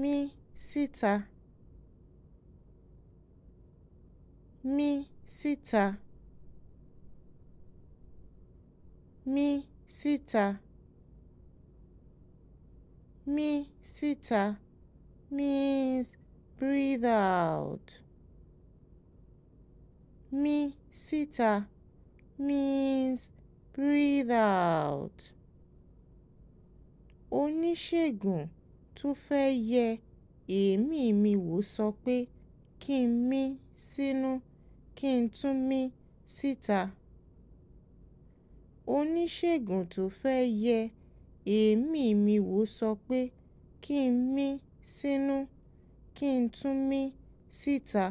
mi síta mi síta mi síta mi síta means breathe out mi síta means breathe out oníṣègùn tó fẹ́ẹ́ yẹ èémí mi wò sọ pé kí n mí sínú kí n tún mí síta oníṣègùn tó fẹ́ẹ́ yẹ èémí mi wò sọ pé kí n mí sínú kí n tún mí síta